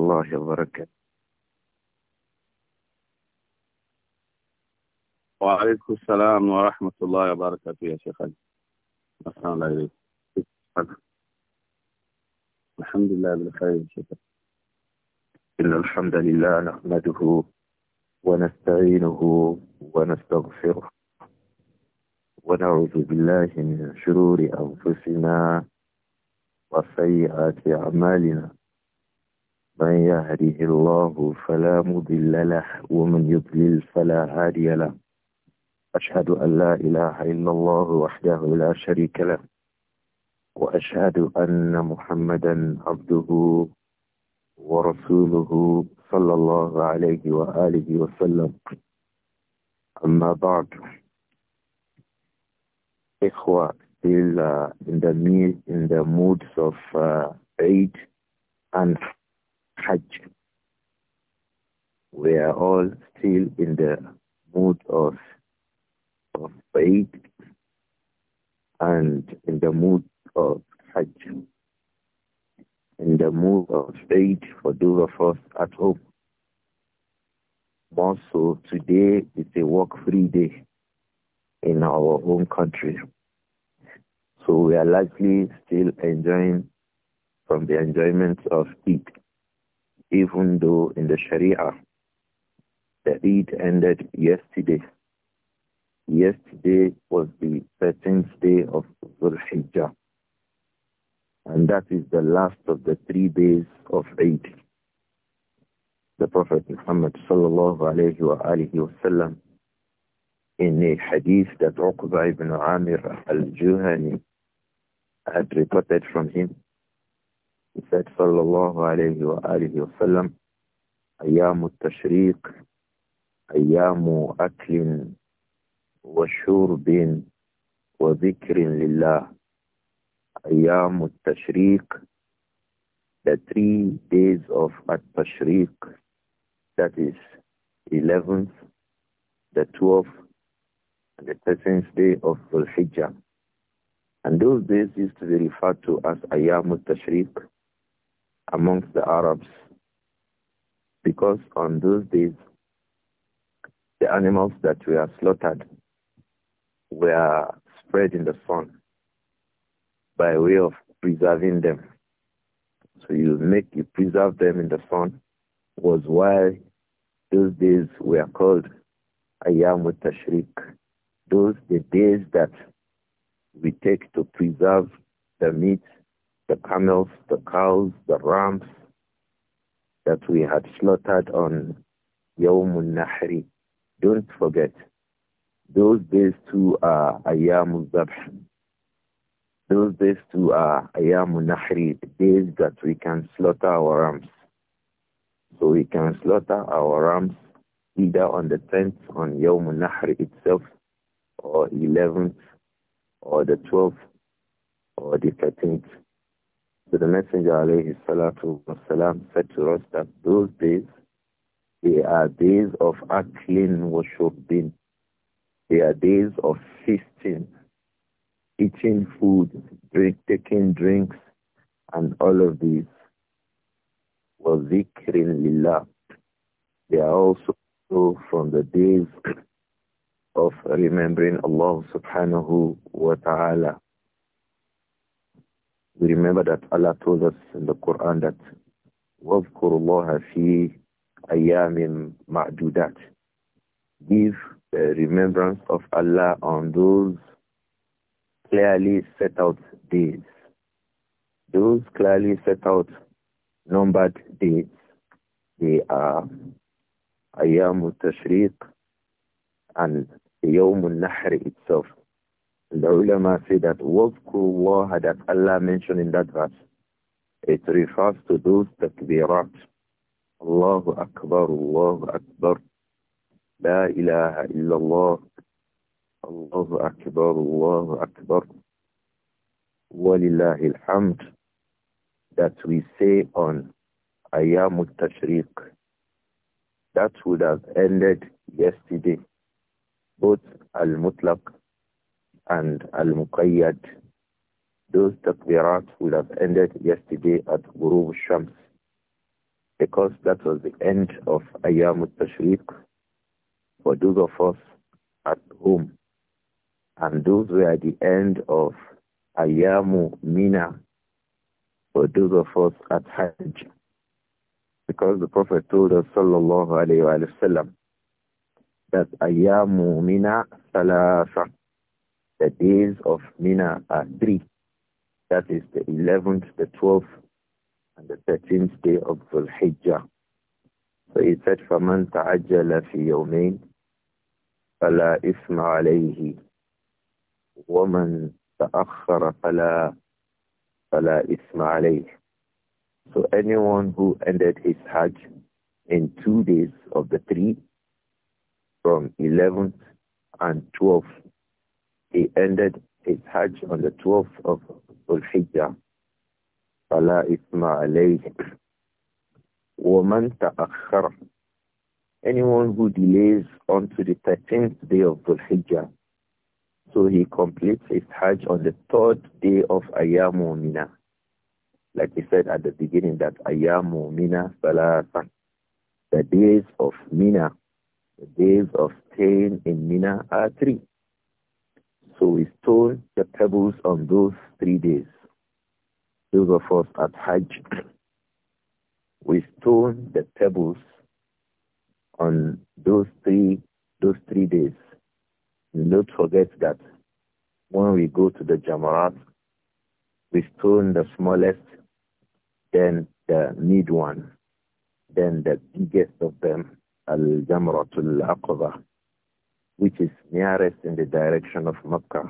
الله وبركاته وعليكم السلام ورحمة الله وبركاته يا علي. السلام عليكم الحمد لله بالخير يا شيخنا إن الحمد لله نحمده ونستعينه ونستغفره ونعوذ بالله من شرور أنفسنا وسيئات أعمالنا من يهده الله فلا مضل له ومن يضلل فلا هادي له أشهد أن لا إله إلا الله وحده لا شريك له وأشهد أن محمدا عبده ورسوله صلى الله عليه وآله وسلم أما بعد إخوة إلا in the in the moods of uh, aid and Hajj. We are all still in the mood of, of Eid and in the mood of Hajj. In the mood of Eid for those of us at home. Also today is a work-free day in our own country. So we are likely still enjoying from the enjoyment of Eid even though in the Sharia, the Eid ended yesterday. Yesterday was the 13th day of the Hijjah. And that is the last of the three days of Eid. The Prophet Muhammad sallallahu alayhi wa alihi in a hadith that Uqba ibn Amir al-Juhani had reported from him he said, sallallahu alayhi wa alihi wa sallam, ayyamu tashriq, ayyamu aklin wa shurbin wa dhikrin lillah. Ayyamu tashriq, the three days of at-tashriq, that is 11th, the 12th, and the 13th day of Dhul-Hijjah. And those days used to be referred to as Ayyamut Tashriq amongst the Arabs because on those days the animals that were slaughtered were spread in the sun by way of preserving them. So you make you preserve them in the sun was why those days were called Ayam Tashrik. Those the days that we take to preserve the meat the camels, the cows, the rams that we had slaughtered on Yawmun Nahri. Don't forget, those days too are Ayam Zabh. Those days too are Ayyamu Nahri, days that we can slaughter our rams. So we can slaughter our rams either on the 10th on Yawmun Nahri itself, or 11th, or the 12th, or the 13th. So the Messenger alayhi salatu wasalam said to us that those days, they are days of aklin wa They are days of feasting, eating food, drink, taking drinks, and all of these. Wa zikrin lillah. They are also from the days of remembering Allah subhanahu wa ta'ala we remember that Allah told us in the Quran that وَاذْكُرُ fi فِي أَيَّامٍ مَعْدُودَاتٍ Give remembrance of Allah on those clearly set out days. Those clearly set out numbered days, they are Ayyam al-Tashriq and Yawm al-Nahr itself the ulama say that wazkurullah had Allah mentioned in that verse, it refers to those takbirat. Allahu Akbar, Allahu Akbar. La ilaha illallah. Allahu Akbar, Allahu Akbar. Walillahi alhamd. That we say on Ayamut Tashriq. That would have ended yesterday. Both Al-Mutlaq and Al-Muqayyad. Those takbirat would have ended yesterday at Ghurub Shams because that was the end of ayam al-Tashriq for those of us at home. And those were the end of Ayyamu Mina for those of us at Hajj. Because the Prophet told us, sallallahu alayhi wa, sallam, that Ayyamu Mina salasa. The days of Mina are three. That is the 11th, the 12th, and the 13th day of Dhul Hijjah. So he said, فَمَنْ تَعَجَّلَ فِي يَوْمَيْنِ فَلَا إِثْمَ عَلَيْهِ وَمَنْ تَأَخَّرَ فَلَا فَلَا إِثْمَ عَلَيْهِ So anyone who ended his Hajj in two days of the three, from 11th and 12th he ended his Hajj on the 12th of al hijjah فَلَا إِثْمَ عَلَيْهِ وَمَنْ تَأَخَّرَ Anyone who delays unto the 13th day of al hijjah so he completes his Hajj on the third day of Ayyamu Mina. Like we said at the beginning that Ayyamu Mina Salasa, the days of Mina, the days of staying in Mina are three. So we stole the pebbles on those three days. Those of us at Hajj, we stole the pebbles on those three those three days. And don't forget that when we go to the Jamarat, we stone the smallest, then the mid one, then the biggest of them, Al-Jamratul Aqaba which is nearest in the direction of Makkah.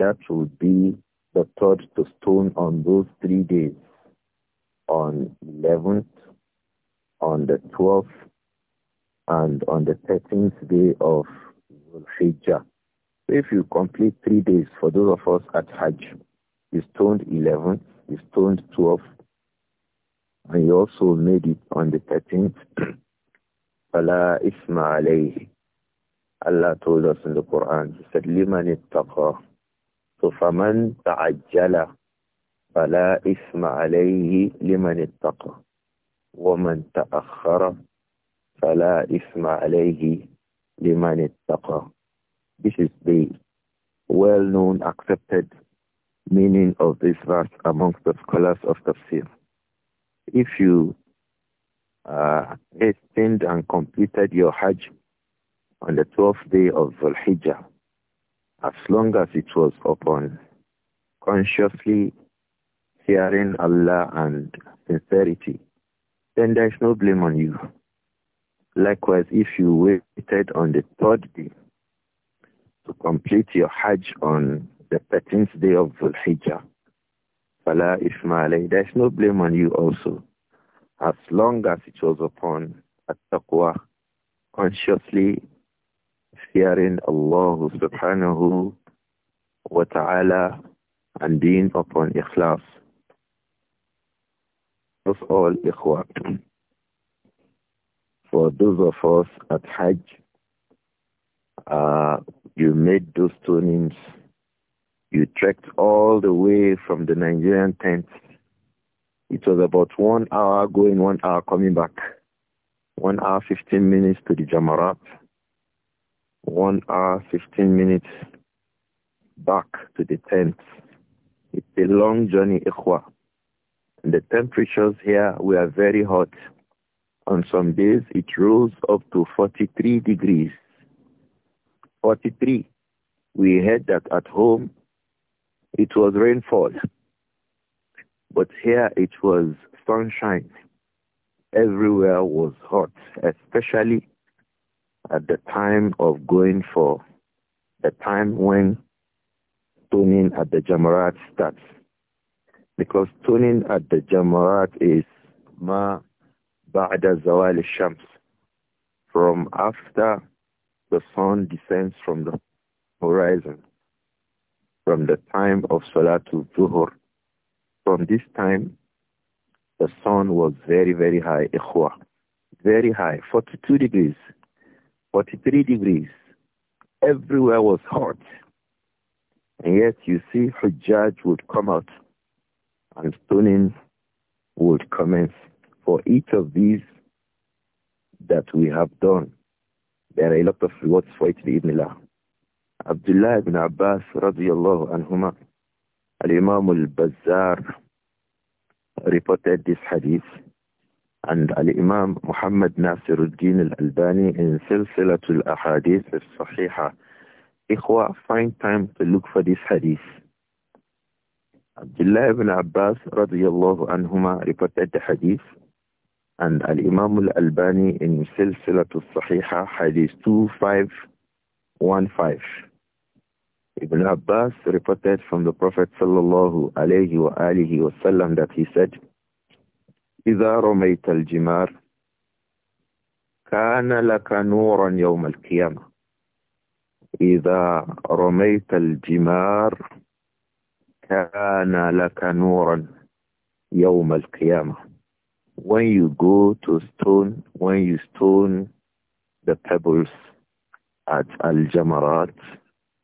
That would be the third to stone on those three days, on 11th, on the 12th, and on the 13th day of Hijjah. If you complete three days for those of us at Hajj, you stoned 11, you stoned 12, and you also made it on the 13th. Allāh إِثْمَ عَلَيْهِ Allah told us in the Quran, He said, لِمَنِ اتَّقَى So man تَعَجَّلَ فَلَا إِثْمَ عَلَيْهِ لِمَنِ اتَّقَى وَمَنْ تَأَخَّرَ فَلَا إِثْمَ عَلَيْهِ لِمَنِ اتَّقَى This is the well-known accepted meaning of this verse amongst the scholars of tafsir. If you uh, hastened and completed your Hajj on the 12th day of Dhul-Hijjah, as long as it was upon consciously fearing Allah and sincerity, then there is no blame on you. Likewise, if you waited on the third day to complete your Hajj on the 13th day of Dhul-Hijjah, Fala Ismail, there is no blame on you also, as long as it was upon a taqwa, consciously fearing Allah subhanahu wa ta'ala and being upon ikhlas. Of all ikhwa. For those of us at Hajj, uh, you made those two names. You trekked all the way from the Nigerian tent. It was about one hour going, one hour coming back. One hour, 15 minutes to the Jamarat one hour, 15 minutes back to the tent. It's a long journey, Ikhwa. And the temperatures here were very hot. On some days, it rose up to 43 degrees. 43. We heard that at home, it was rainfall. But here it was sunshine. Everywhere was hot, especially at the time of going for the time when tuning at the Jamarat starts. Because tuning at the Jamarat is ma ba'da zawal shams from after the sun descends from the horizon, from the time of Salatul Zuhur. From this time, the sun was very, very high, ikhwa, very high, 42 degrees 43 degrees. Everywhere was hot. And yet you see Hujjaj would come out and stoning would commence for each of these that we have done. There are a lot of rewards for it, bi'idhnillah. Abdullah ibn Abbas radiyallahu anhuma, al-Imam al-Bazzar reported this hadith and Al-Imam Muhammad Nasiruddin Al-Albani in Silsilatul Ahadith Al-Sahiha. Ikhwa, find time to look for this hadith. Abdullah ibn Abbas radiyallahu anhuma reported the hadith and Al-Imam Al-Albani in Silsilatul Sahiha hadith 2515. Ibn Abbas reported from the Prophet sallallahu alayhi wa alihi wasallam that he said, إذا رميت الجمار كان لك نورا يوم القيامة إذا رميت الجمار كان لك نورا يوم القيامة When you go to stone, when you stone the pebbles at Al-Jamarat,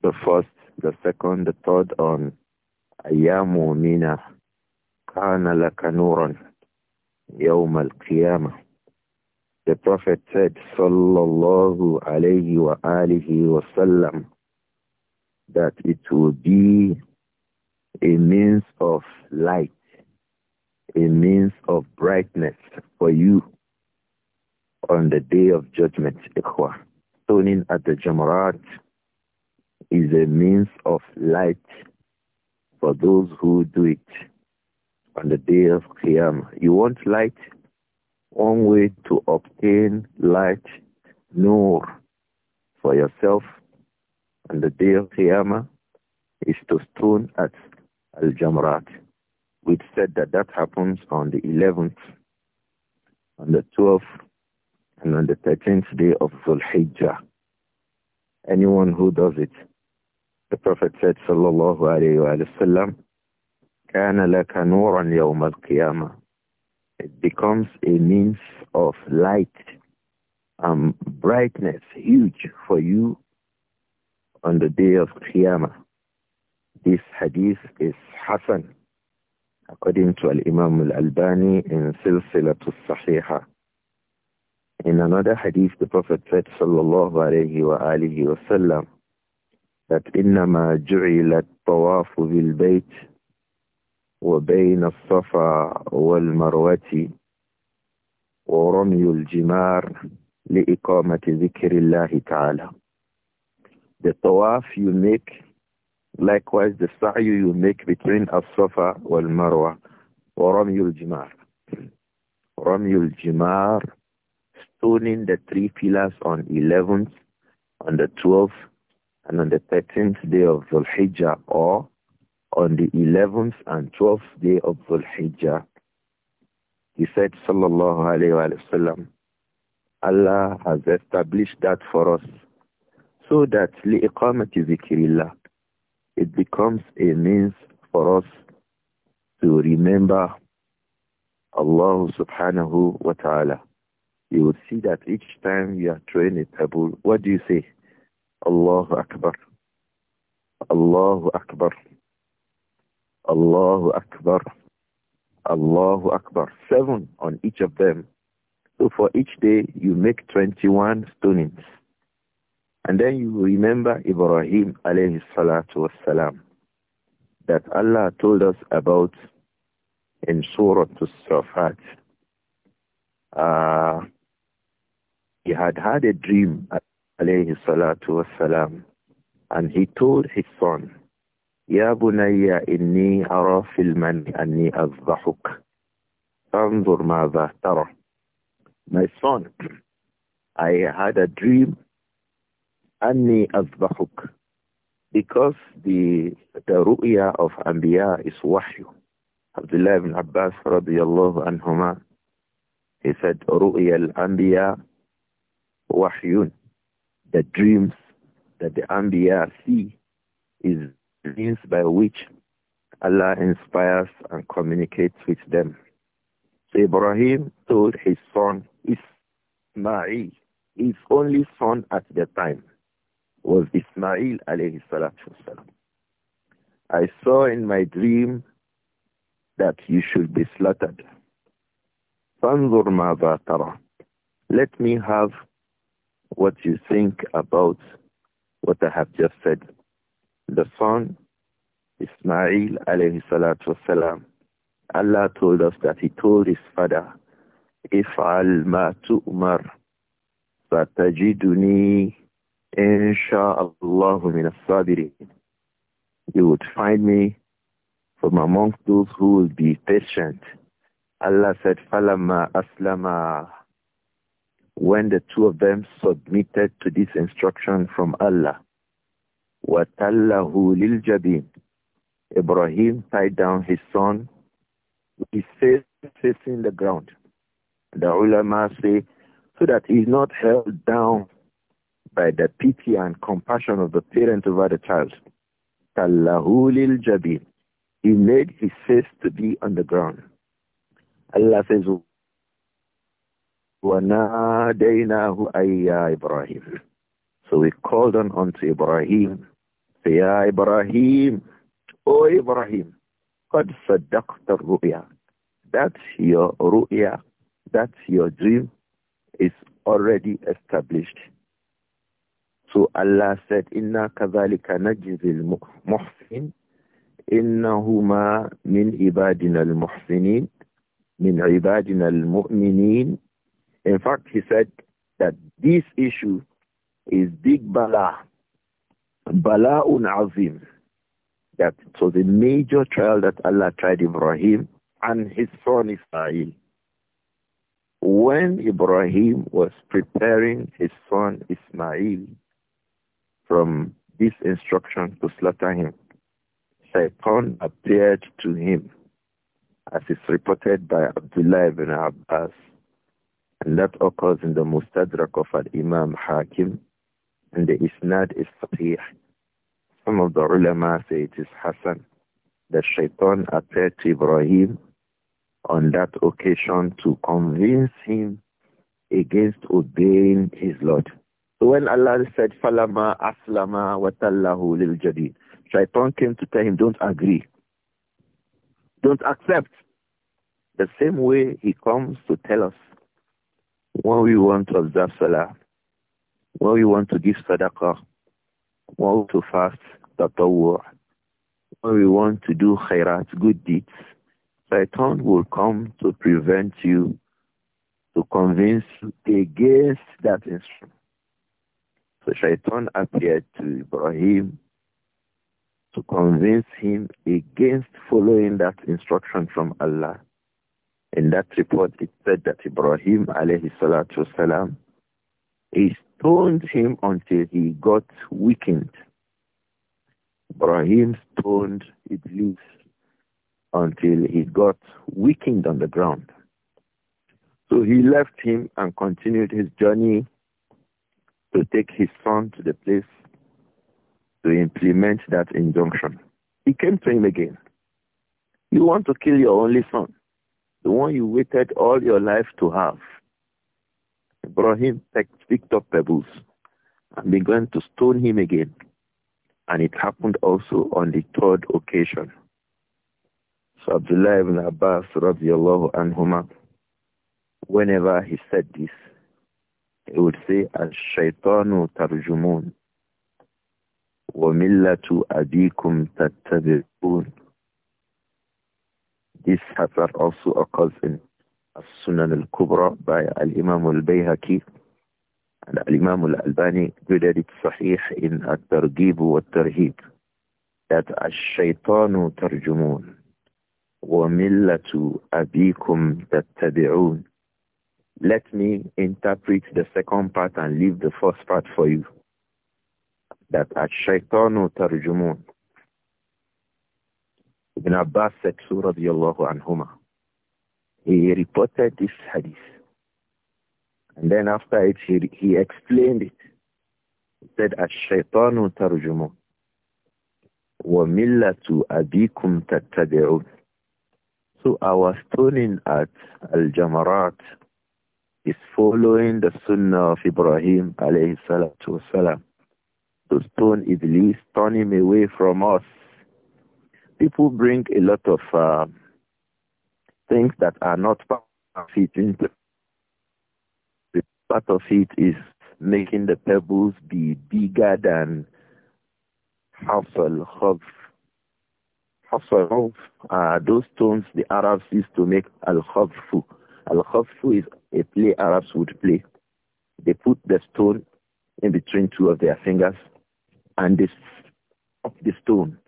the first, the second, the third on ayamu mina كان لك نورا يوم القيامة the Prophet said, Sallallahu alayhi wasallam, that it will be a means of light, a means of brightness for you on the day of judgment. Ikhwa. Turning at the Jamarat is a means of light for those who do it on the day of Qiyamah. You want light? One way to obtain light, nur, for yourself on the day of Qiyamah is to stone at Al-Jamrat. We said that that happens on the 11th, on the 12th, and on the 13th day of Zulhijjah. Anyone who does it, the Prophet said, sallallahu alayhi wa sallam, كَانَ لَكَ نُورًا يَوْمَ الْقِيَامَةِ It becomes a means of light and brightness, huge for you on the day of Qiyamah. This hadith is Hassan, according to Al-Imam Al-Albani in Silsilatul Sahihah. In another hadith, the Prophet said, sallallahu alayhi wa alihi wa sallam, that إِنَّمَا جُعِلَ الطَّوَافُ بِالْبَيْتِ وبين الصفا والمروة ورمي الجمار لإقامة ذكر الله تعالى. The tawaf you make, likewise the Sa'y you make between الصفا والمروة ورمي الجمار. رمي الجمار, stoning the three pillars on 11th, on the 12th, and on the 13th day of Dhul Hijjah or on the 11th and 12th day of Dhul Hijjah, he said, Sallallahu Alaihi Wasallam, Allah has established that for us so that li'iqamati zikrillah, it becomes a means for us to remember Allah subhanahu wa ta'ala. You will see that each time you are throwing a pebble, what do you say? Allahu Akbar. Allahu Akbar. Allahu Akbar, Allahu Akbar. Seven on each of them. So for each day, you make 21 stonings. And then you remember Ibrahim alayhi salatu wasalam that Allah told us about in Surah as Uh, he had had a dream, alayhi salatu wasalam, and he told his son يا بني إني أرى في المن أني أذبحك فانظر ماذا ترى My son, I had a dream أني أذبحك because the the ru'ya of أنبياء is وحي عبد الله بن عباس رضي الله عنهما he said, ru'ya الأنبياء وحي The dreams that the Anbiya see is means by which Allah inspires and communicates with them. So Ibrahim told his son Ismail, his only son at the time, was Ismail alayhi salatu I saw in my dream that you should be slaughtered. فَانْظُرْ مَاذَا تَرَى Let me have what you think about what I have just said. The son, Ismail alayhi salatu wasalam, Allah told us that he told his father, "If al ma tu'mar, fatajiduni insha'Allahu min as-sabirin. You would find me from among those who will be patient. Allah said, Falama aslama. When the two of them submitted to this instruction from Allah, وَتَلَّهُ لِلْجَبِينَ Ibrahim tied down his son with his face facing the ground. The ulama say, so that he is not held down by the pity and compassion of the parent over the child. تَلَّهُ لِلْجَبِينَ He made his face to be on the ground. Allah says, وَنَادَيْنَاهُ أَيَّا إِبْرَاهِيمَ So we called on unto Ibrahim يا إبراهيم أو إبراهيم قد صدقت الرؤيا That's your رؤيا that's your dream is already established. So Allah said, إِنَّا كَذَلِكَ نَجْزِ الْمُحْسِنِ إِنَّهُمَا مِنْ عِبَادِنَا الْمُحْسِنِينَ مِنْ عِبَادِنَا الْمُؤْمِنِينَ In fact, he said that this issue is big bala Bala'un Azim, that so was a major trial that Allah tried Ibrahim and his son Ismail. When Ibrahim was preparing his son Ismail from this instruction to slaughter him, Shaitan appeared to him, as is reported by Abdullah ibn Abbas, and that occurs in the Mustadrak of an Imam Hakim and the isnad is sahih. Some of the ulama say it is Hassan. The shaitan appeared to Ibrahim on that occasion to convince him against obeying his Lord. So when Allah said, Falama aslama watallahu lil jadid, Shaitan came to tell him, don't agree. Don't accept. The same way he comes to tell us when we want to observe Salah, when we want to give sadaqah, well, want to fast, tatawwur, when we want to do khairat, good deeds, Satan will come to prevent you, to convince you against that instruction. So Shaitan appeared to Ibrahim to convince him against following that instruction from Allah. In that report, it said that Ibrahim alayhi salatu wasalam, is stoned him until he got weakened. Ibrahim stoned Iblis until he got weakened on the ground. So he left him and continued his journey to take his son to the place to implement that injunction. He came to him again. You want to kill your only son, the one you waited all your life to have. Ibrahim picked up pebbles and began to stone him again. And it happened also on the third occasion. So Abdullah ibn Abbas radiallahu anhuma, whenever he said this, he would say, Al-Shaytanu tarjumun, wa millatu adikum tattabirun. This hazard also occurs in Sunan al-Kubra by Al-Imam al-Bayhaqi and Al-Imam al-Albani graded it Sahih in At-Targhib wa that Ash-Shaytanu tarjumun wa abikum tattabi'un Let me interpret the second part and leave the first part for you that Ash-Shaytanu tarjumun Ibn Abbas said to radiallahu anhumah He reported this hadith. And then after it, he, he explained it. He said, Ash-shaytanu tarjumu wa millatu abikum tattabi'un. So our stoning at Al-Jamarat is following the sunnah of Ibrahim alayhi salatu wasalam. The stone the least, turning away from us. People bring a lot of uh, things that are not part of it. The part of it is making the pebbles be bigger than a Khuf. Half a are those stones the Arabs used to make Al-Khuffu. Al-Khuffu is a play Arabs would play. They put the stone in between two of their fingers and they up the stone.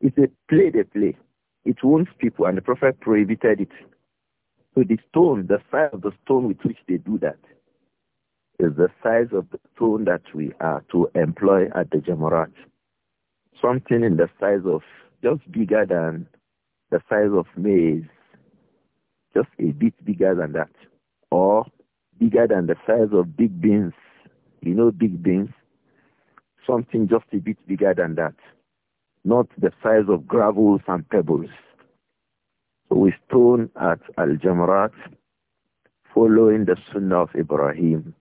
It's a play they play. It wounds people, and the Prophet prohibited it. So the stone, the size of the stone with which they do that, is the size of the stone that we are to employ at the Jamarat. Something in the size of, just bigger than the size of maize, just a bit bigger than that, or bigger than the size of big beans. You know big beans? Something just a bit bigger than that not the size of gravels and pebbles. So we stone at Al-Jamrat, following the sunnah of Ibrahim,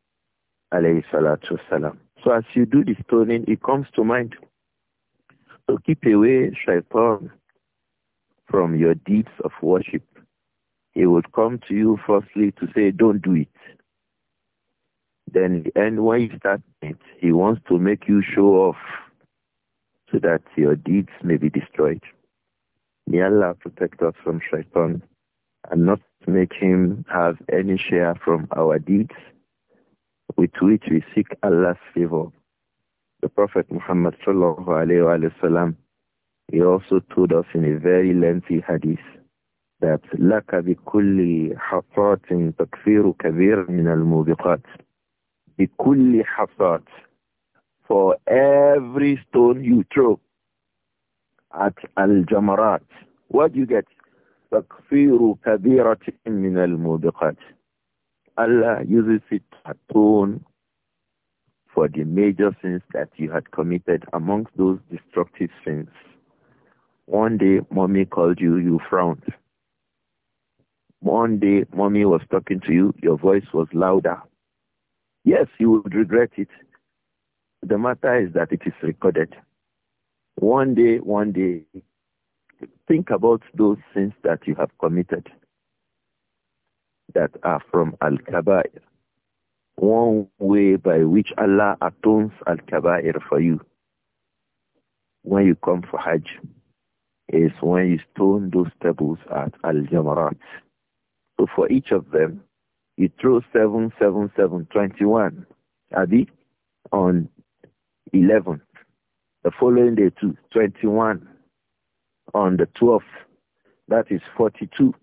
alayhi salatu salam. So as you do the stoning, it comes to mind. So keep away shaitan from your deeds of worship. He would come to you firstly to say, don't do it. Then, and when you start it, he wants to make you show off so that your deeds may be destroyed. May Allah protect us from shaitan and not make him have any share from our deeds with which we seek Allah's favor. The Prophet Muhammad sallallahu alayhi sallam, he also told us in a very lengthy hadith that لَكَ بِكُلِّ حفات تَكْفِيرُ كَبِيرٍ مِنَ الْمُوبِقَاتِ بِكُلِّ حفات for every stone you throw at Al-Jamarat. What do you get? تكفير min al الموبقات. Allah uses it atone for the major sins that you had committed amongst those destructive sins. One day, mommy called you, you frowned. One day, mommy was talking to you, your voice was louder. Yes, you would regret it, the matter is that it is recorded. One day, one day, think about those sins that you have committed that are from Al-Kaba'ir. One way by which Allah atones Al-Kaba'ir for you when you come for Hajj is when you stone those tables at Al-Jamarat. So for each of them, you throw 7, 7, 7, 21, Abi, on 11. The following day, too, 21. On the 12th, that is 42.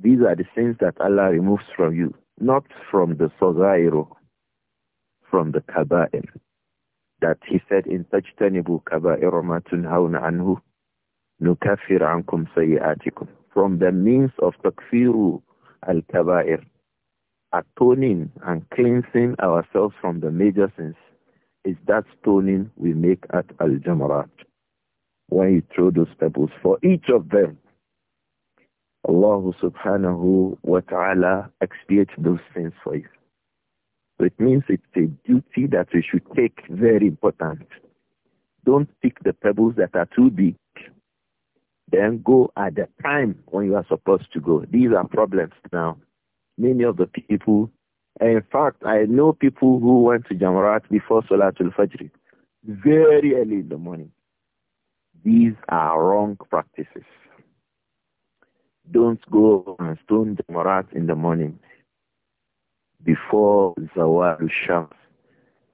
These are the sins that Allah removes from you, not from the Sazairo, from the Kaba'ir. That he said in Tajtanibu Kaba'ir Matun Anhu, Nukafir Ankum Sayyatikum. From the means of Takfiru al-Kaba'ir, atoning and cleansing ourselves from the major sins is that stoning we make at Al-Jamarat when you throw those pebbles for each of them. Allah subhanahu wa ta'ala expiates those sins for you. So it means it's a duty that we should take very important. Don't pick the pebbles that are too big. Then go at the time when you are supposed to go. These are problems now. Many of the people in fact, I know people who went to Jamarat before Salatul Fajr, very early in the morning. These are wrong practices. Don't go and stone Jamarat in the morning before Zawal Shams,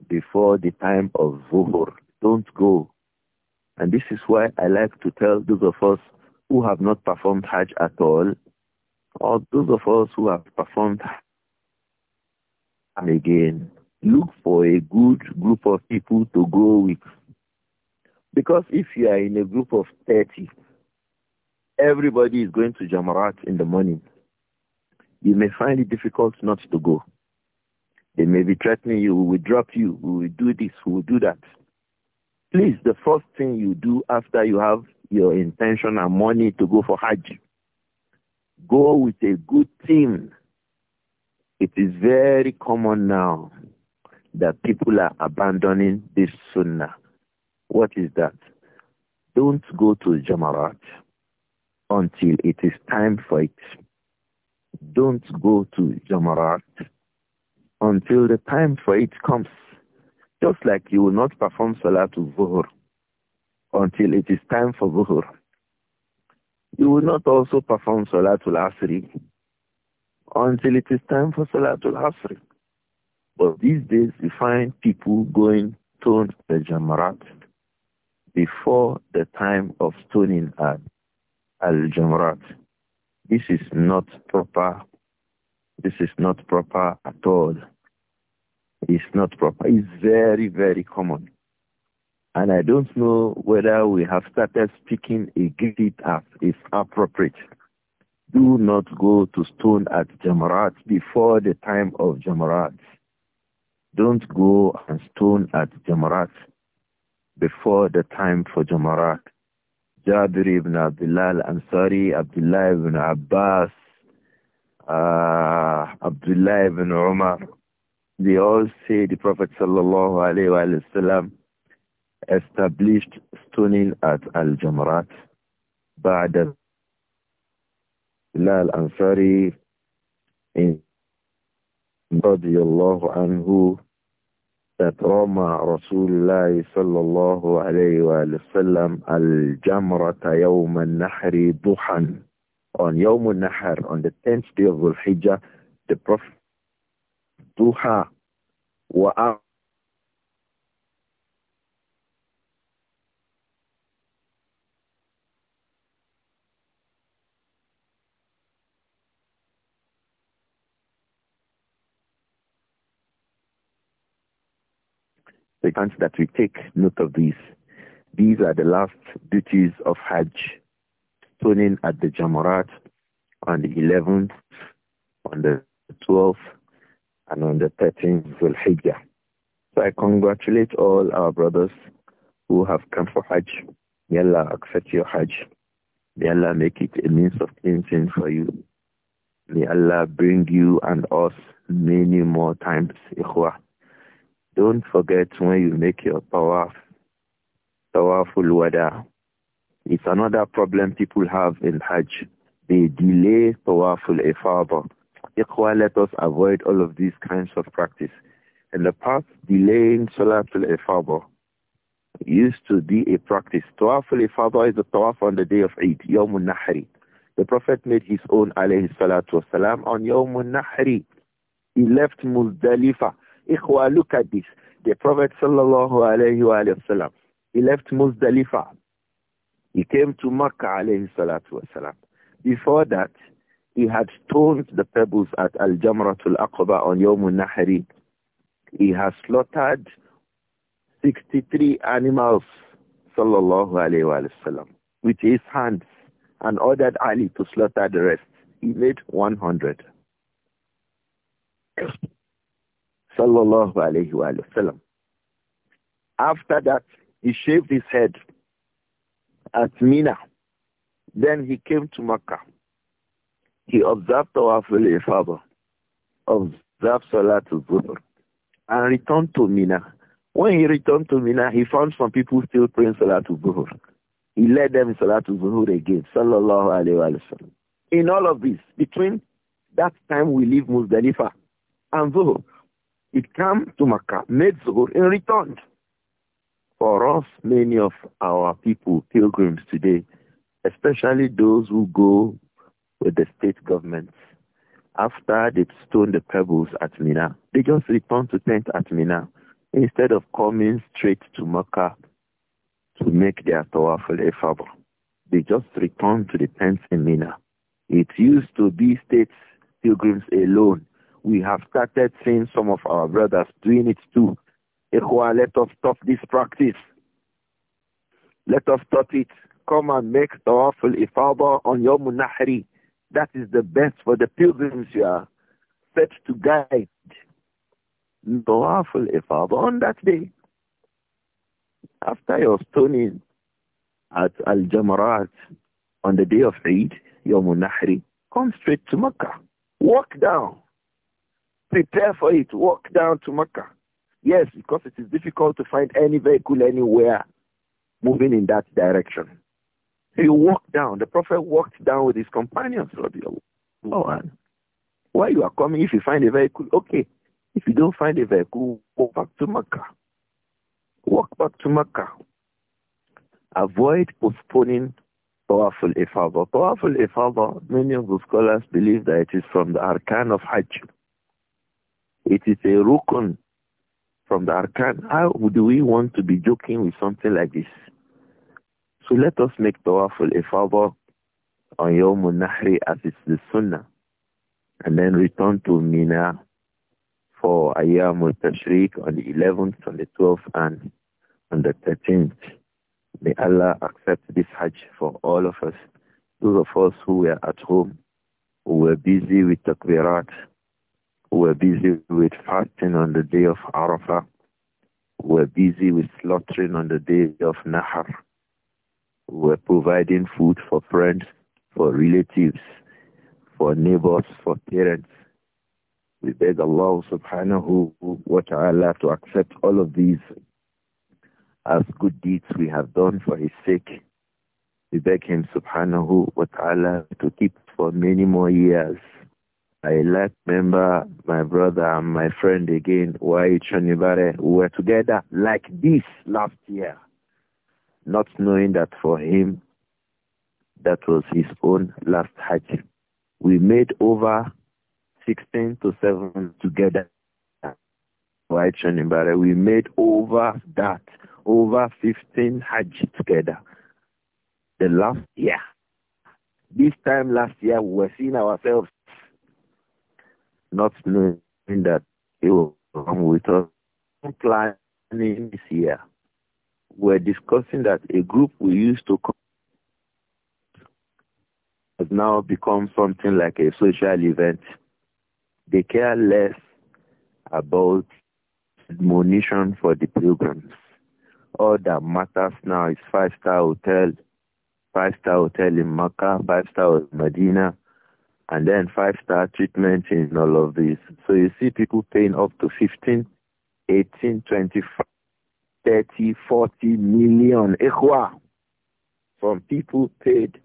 before the time of Zuhur. Don't go. And this is why I like to tell those of us who have not performed Hajj at all, or those of us who have performed Hajj and again, look for a good group of people to go with. Because if you are in a group of 30, everybody is going to Jamarat in the morning. You may find it difficult not to go. They may be threatening you, we will drop you, we will do this, we will do that. Please, the first thing you do after you have your intention and money to go for Hajj, go with a good team it is very common now that people are abandoning this sunnah. What is that? Don't go to Jamarat until it is time for it. Don't go to Jamarat until the time for it comes. Just like you will not perform Salatul Zuhur until it is time for Zuhur. You will not also perform Salatul Asri until it is time for Salatul Asr. But these days we find people going to the Jamarat before the time of stoning at Al-Jamarat. This is not proper. This is not proper at all. It's not proper. It's very, very common. And I don't know whether we have started speaking against it as if appropriate do not go to stone at Jamarat before the time of Jamarat. Don't go and stone at Jamarat before the time for Jamarat. Jabir ibn Abdullah al-Ansari, Abdullah ibn Abbas, uh, Abdullah ibn Umar, they all say the Prophet sallallahu alaihi wasallam established stoning at Al-Jamarat بعد الله الأنصاري رضي الله عنه that رسول الله صلى الله عليه وآله وسلم الجمرة يوم النحر ضحا on يوم النحر on the 10th day of Dhul Hijjah the Prophet ضحى وأعلم The country that we take note of these. These are the last duties of Hajj. Turning at the Jamarat on the 11th, on the 12th, and on the 13th Dhul Hijjah. So I congratulate all our brothers who have come for Hajj. May Allah accept your Hajj. May Allah make it a means of cleansing for you. May Allah bring you and us many more times, Ikhwah. Don't forget when you make your power, powerful weather. It's another problem people have in Hajj. They delay powerful ifaba. Ikhwa, let us avoid all of these kinds of practice. In the past, delaying Salatul Ifaba used to be a practice. Tawaful Ifaba is the tawaf on the day of Eid, Yawmun Nahri. The Prophet made his own alayhi salatu wasalam on Yawmun Nahri. He left Muzdalifah Ikhwa, look at this. The Prophet sallallahu alayhi wasallam, he left Muzdalifah. He came to Makkah alayhi salatu wasalam. Before that, he had stoned the pebbles at Al-Jamratul Aqba on Yom al-Nahri. He has slaughtered 63 animals, sallallahu alayhi wa sallam, with his hands and ordered Ali to slaughter the rest. He made 100. Sallallahu alayhi wa sallam. After that, he shaved his head at Mina. Then he came to Makkah. He observed Tawaf al-Ifaba, observed Salat al-Zuhr, and returned to Mina. When he returned to Mina, he found some people still praying Salat al-Zuhr. He led them in Salat al-Zuhr again, sallallahu alayhi wa sallam. In all of this, between that time we leave Muzdalifah and Zuhr, it came to Makkah, made zuhur and returned. For us, many of our people, pilgrims today, especially those who go with the state governments, after they stone the pebbles at Mina, they just return to tent at Mina instead of coming straight to Makkah to make their tawaf al They just return to the tents in Mina. It used to be states pilgrims alone we have started seeing some of our brothers doing it too. Ikhwa, let us stop this practice. Let us stop it. Come and make Tawaful Ifaba on your Nahri. That is the best for the pilgrims you are set to guide. Tawaful Ifaba on that day. After your stoning at Al-Jamarat on the day of Eid, your Nahri, come straight to Makkah. Walk down Prepare for it. Walk down to Mecca. Yes, because it is difficult to find any vehicle anywhere moving in that direction. He walked down. The Prophet walked down with his companions. Oh, why you are coming, if you find a vehicle, okay. If you don't find a vehicle, walk back to Mecca. Walk back to Mecca. Avoid postponing Tawaful Ifada. Tawaful Ifada, many of the scholars believe that it is from the arcana of Hajj. It is a rukun from the arkan. How do we want to be joking with something like this? So let us make tawaful ifaba on Yawm Nahri as it's the sunnah. And then return to Mina for Ayyam al-Tashriq on the 11th, on the 12th, and on the 13th. May Allah accept this Hajj for all of us. Those of us who were at home, who were busy with takbirat, we're busy with fasting on the day of Arafah. We're busy with slaughtering on the day of Nahar. We're providing food for friends, for relatives, for neighbors, for parents. We beg Allah subhanahu wa ta'ala to accept all of these as good deeds we have done for his sake. We beg him subhanahu wa ta'ala to keep for many more years I let member, my brother and my friend again, Wai Chonibare, we were together like this last year, not knowing that for him, that was his own last Hajj. We made over 16 to 7 together. Wai Chonibare, we made over that, over 15 Hajj together. The last year. This time last year, we were seeing ourselves not knowing that he will come with us. Planning this year, we're discussing that a group we used to come has now become something like a social event. They care less about admonition for the pilgrims. All that matters now is five-star hotel, five-star hotel in Makkah, five-star in Medina, and then five-star treatment in all of this. So you see people paying up to 15, 18, 25, 30, 40 million. Ikhwa. Some people paid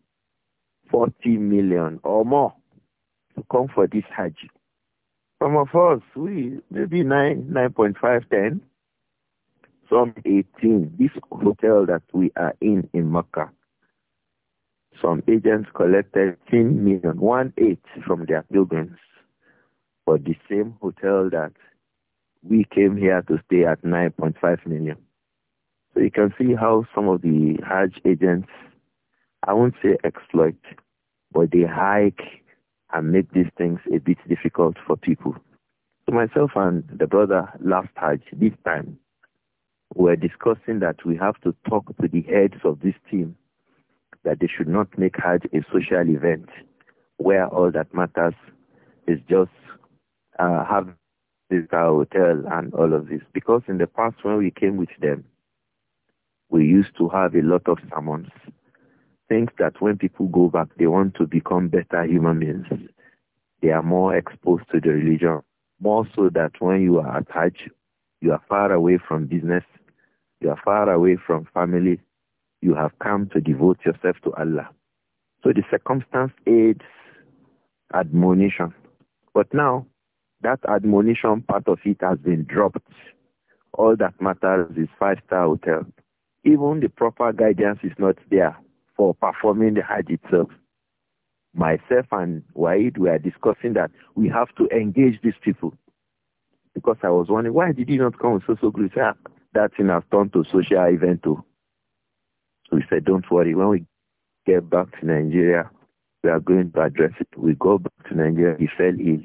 40 million or more to come for this Hajj. Some of us, we maybe 9, 9.5, 10, some 18. This hotel that we are in in Makkah some agents collected 10 million, one eighth from their buildings for the same hotel that we came here to stay at 9.5 million. So you can see how some of the Hajj agents, I won't say exploit, but they hike and make these things a bit difficult for people. So myself and the brother last Hajj, this time, we were discussing that we have to talk to the heads of this team that they should not make Hajj a social event where all that matters is just uh, have this uh, hotel and all of this. Because in the past when we came with them, we used to have a lot of sermons. Things that when people go back, they want to become better human beings. They are more exposed to the religion, more so that when you are at Hajj, you are far away from business, you are far away from family, you have come to devote yourself to Allah. So the circumstance aids admonition. But now, that admonition part of it has been dropped. All that matters is five-star hotel. Even the proper guidance is not there for performing the Hajj itself. Myself and Waid were discussing that we have to engage these people. Because I was wondering, why did you not come with social groups? Ah, that thing has turned to social event too. We said, don't worry, when we get back to Nigeria, we are going to address it. We go back to Nigeria, he fell ill,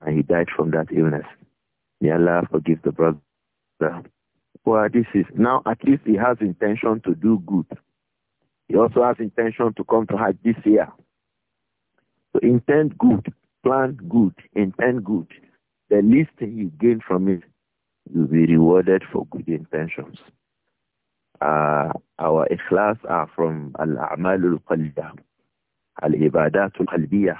and he died from that illness. May Allah forgive the brother. Well, this is now at least he has intention to do good. He also has intention to come to Hajj this year. So intend good, plan good, intend good. The least you gain from it, you'll be rewarded for good intentions uh, our ikhlas are from al-a'malul qalbiyah, al-ibadatul qalbiyah,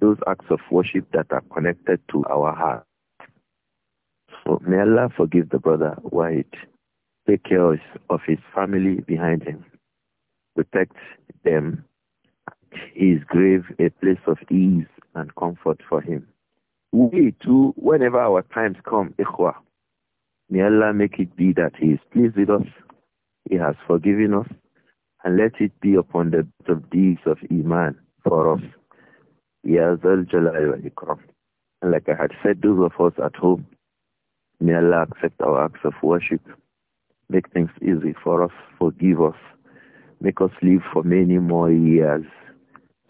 those acts of worship that are connected to our heart. So may Allah forgive the brother Wahid, take care of his family behind him, protect them, his grave a place of ease and comfort for him. We too, whenever our times come, ikhwah, may Allah make it be that he is pleased with us he has forgiven us and let it be upon the deeds of Iman for us. And like I had said, those of us at home, may Allah accept our acts of worship, make things easy for us, forgive us, make us live for many more years.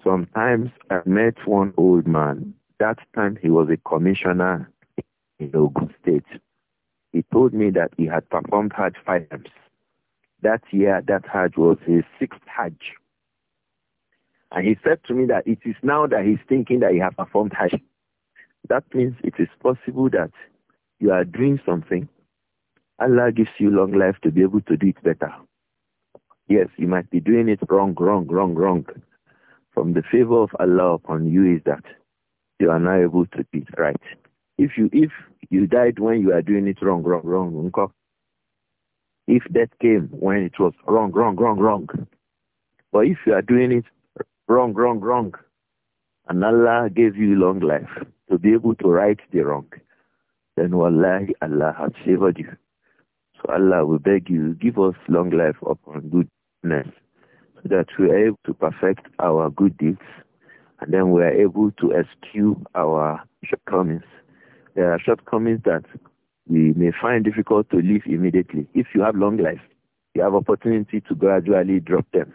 Sometimes I met one old man. That time he was a commissioner in Ogun State. He told me that he had performed hard five times that year, that Hajj was his sixth Hajj. And he said to me that it is now that he's thinking that he has performed Hajj. That means it is possible that you are doing something. Allah gives you long life to be able to do it better. Yes, you might be doing it wrong, wrong, wrong, wrong. From the favor of Allah upon you is that you are now able to do it right. If you if you died when you are doing it wrong, wrong, wrong, if death came when it was wrong, wrong, wrong, wrong. But if you are doing it wrong, wrong, wrong, and Allah gave you long life to be able to right the wrong, then wallahi Allah has favored you. So Allah, we beg you, give us long life upon goodness so that we are able to perfect our good deeds and then we are able to eschew our shortcomings. There are shortcomings that we may find difficult to leave immediately. If you have long life, you have opportunity to gradually drop them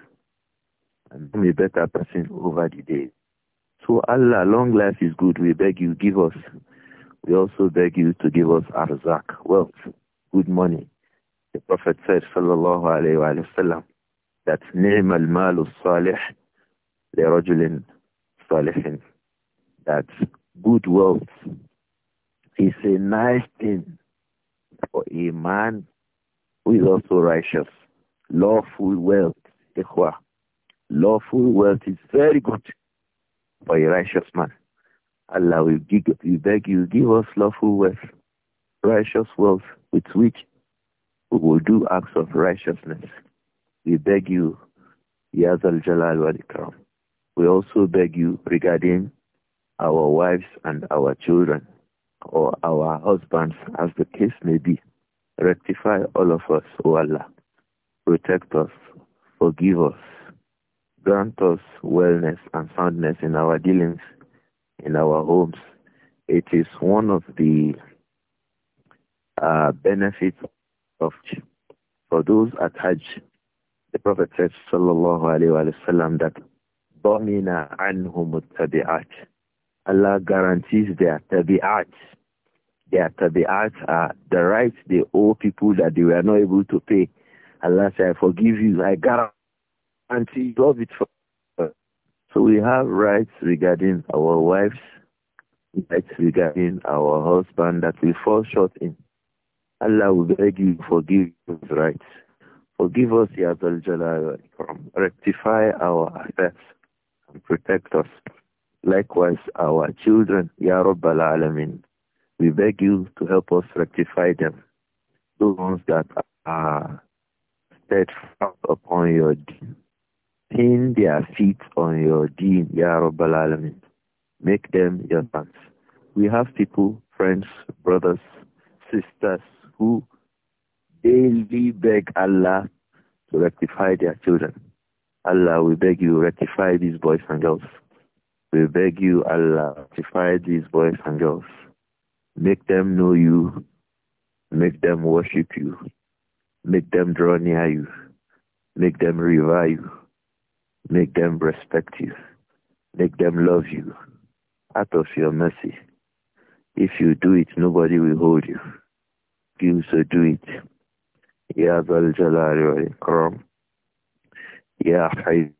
and become a better person over the days. So Allah, long life is good. We beg you, give us. We also beg you to give us arzak, wealth, good money. The Prophet said, sallallahu alayhi wa sallam, that ni'm al-malu salih li rajulin salihin. That good wealth is a nice thing for a man who is also righteous. Lawful wealth, ikhwa. Lawful wealth is very good for a righteous man. Allah will give, we beg you, give us lawful wealth, righteous wealth with which we will do acts of righteousness. We beg you, Ya Zal Jalal We also beg you regarding our wives and our children or our husbands, as the case may be. Rectify all of us, O Allah. Protect us, forgive us, grant us wellness and soundness in our dealings, in our homes. It is one of the uh, benefits of for those at Hajj. The Prophet said, Sallallahu Alaihi Wasallam, that ضَمِنَ عَنْهُمُ التَّبِعَاتِ Allah guarantees their tabi'at. Their tabi'at are the rights they owe people that they were not able to pay. Allah says, I forgive you. I guarantee you love it for so we have rights regarding our wives, rights regarding our husband that we fall short in. Allah will beg you, forgive those rights. Forgive us, Ya Dal rectify our affairs and protect us. Likewise, our children, Ya Rabbal Alamin, we beg you to help us rectify them. Those ones that are steadfast upon your deen. Pin their feet on your deen, Ya Rabbal Alamin. Make them your sons. We have people, friends, brothers, sisters who daily beg Allah to rectify their children. Allah, we beg you, rectify these boys and girls. We beg you, Allah, sanctify these boys and girls. Make them know you. Make them worship you. Make them draw near you. Make them revive you. Make them respect you. Make them love you. Out of your mercy. If you do it, nobody will hold you. You so do it. Ya Zal Jalari wal Ikram. Ya Hayy.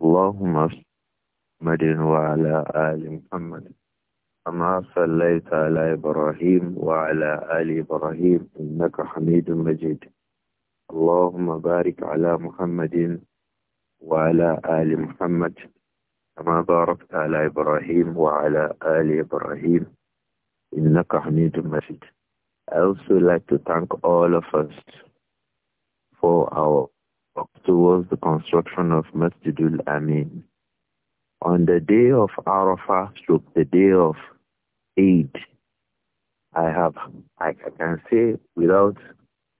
Allahumma محمد وعلى آل محمد كما صليت على إبراهيم وعلى آل إبراهيم إنك حميد مجيد اللهم بارك على محمد وعلى آل محمد كما باركت على إبراهيم وعلى آل إبراهيم إنك حميد مجيد I also like to thank all of us for our work towards the construction of Masjidul Amin on the day of Arafah, stroke the day of Eid, I have, I can say without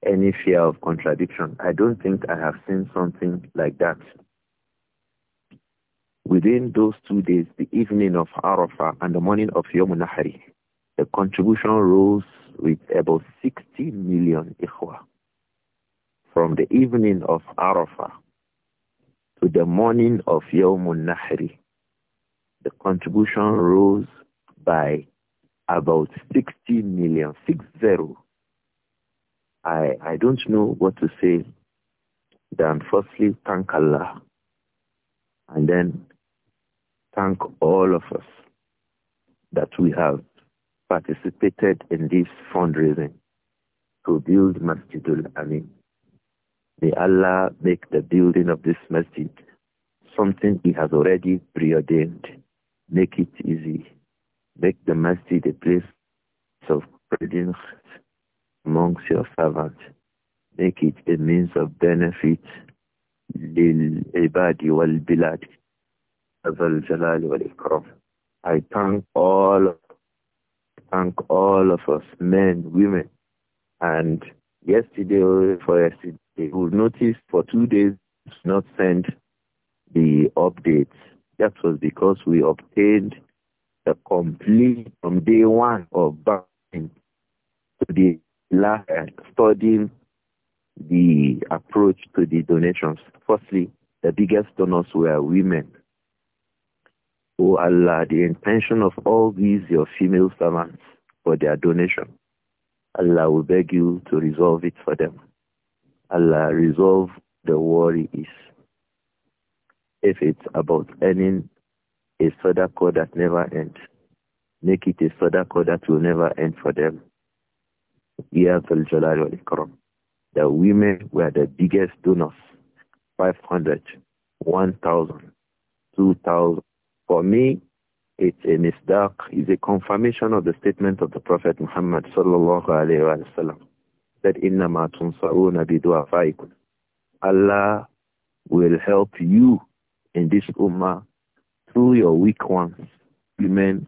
any fear of contradiction, I don't think I have seen something like that. Within those two days, the evening of Arafah and the morning of Yom Nahari, the contribution rose with about 60 million ikhwa from the evening of Arafah to the morning of Yawm al the contribution rose by about 60 million, six zero. I, I don't know what to say than firstly thank Allah and then thank all of us that we have participated in this fundraising to build Masjidul Amin. May Allah make the building of this masjid something he has already preordained Make it easy. Make the masjid a place of credence amongst your servants. Make it a means of benefit للعباد والبلاد ذا الجلال والإكرام I thank all of, thank all of us, men, women, and yesterday for yesterday, you will notice for two days not sent the updates that was because we obtained the complete from day one of birth to the last uh, studying the approach to the donations. Firstly, the biggest donors were women. Oh Allah, the intention of all these your female servants for their donation. Allah will beg you to resolve it for them. Allah resolve the worry is if it's about earning a call that never ends, make it a call that will never end for them. The women were the biggest donors, 500, 1,000, 2,000. For me, it's a misdaq, It's a confirmation of the statement of the Prophet Muhammad sallallahu alayhi wa sallam that innama tunsaruna bidu'afaikum. Allah will help you in this ummah through your weak ones, women